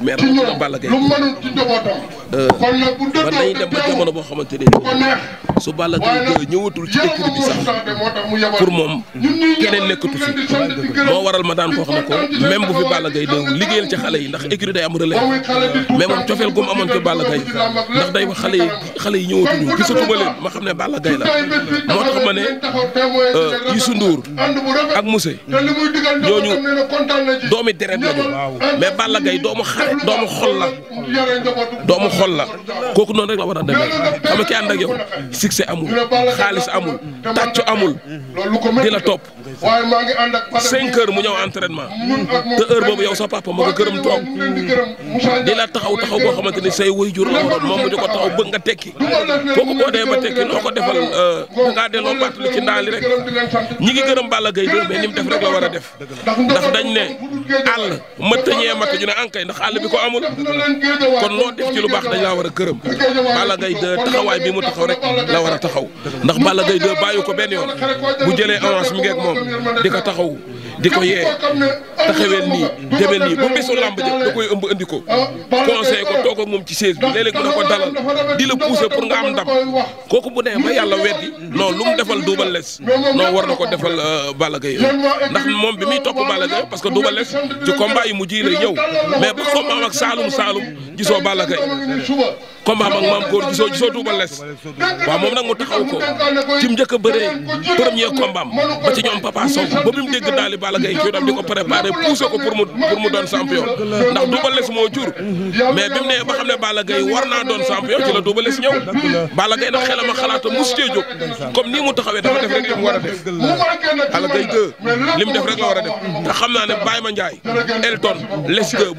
yi mais rawatina Balla Gaye. lu euh, dem ba jamono boo xamante ne su Balla Gaye ñëwatul ci écurie bi sax pour moom keneen nekkatu fi moo waral ma daan koo xam ne ko même bu fi Balla gay déglu liggéeyal ci xale yi ndax écurie day am relais mais moom cofeel gu mu amoon ci Balla Gaye ndax day wax xale yi xale yi ñëwatuñu gisatuma leen moo xam ne Balla Gaye la moo tax ma ne euh, Youssou Ndour ak Moussé ñooñu doomi deret lañu mais Balla Gaye doomu xare doomu xol la doomu xol la kooku noonu rek la war a demee xam ki ànd yow succès amul xaalis amul tàccu amul di la topp cinq heures mu ñëw entraînement te heure boobu yow sa papa ma ko këram toog di la taxaw taxaw boo xamante ni say waajur la waroon moom mu di ko taxaw bëgg nga tekki kooku boo dee ba tekki noo ko defal dangaa euh, delloo fàttali ci ndaa li rek ñi ngi gërëm Balla Gaye mais ni mu def rek la war a def ndax dañ ne àll mëttañee mat ñu ne ankay ndax àll bi ko amul kon loo def ci lu baax dañ laa war a gërëm Balla Gaye 2 taxawaay bi mu taxaw rek la war a taxaw ndax Balla Gaye bàyyi ko benn yoon bu jëlee avance mi ngeeg moom di ko taxaw di ko yee taxawee nii demee nii bu bisu làmb ja da koy ëmb andi ko conseil ko toog ak moom ci chaise bi léeg-léeg mu ne ko dalal di la pousser pour nga am ndam kooku bu nee ba yàlla weddi non lu mu defal Double Less non war na ko defal euh, Balla Gaye ndax moom bi muy topp a Gaye parce que Double Less ci combat mu ji la ñëw mais ba combat ak Saalum Saalum gisoo Balla Gaye combat ak maam góor gisoo gisoo Double Less waaw moom nag mu taxaw ko ci njëkk a bëree premier combat ba ci ñoom Papa ba bi mu dégg daal di Balla Gaye di ko préparé poussé ko pour mu pour doon champion ndax Double Less moo jur mais bi mu nee ba xam ne Balla war naa doon champion ci la Double Less ñëw Balla Gaye nag xelam a xalaata mos cee jóg nii mu taxawee dafa def rek li mu a mu war a def te xam naa ne Baye Ma Ndiaye Elton Lesgue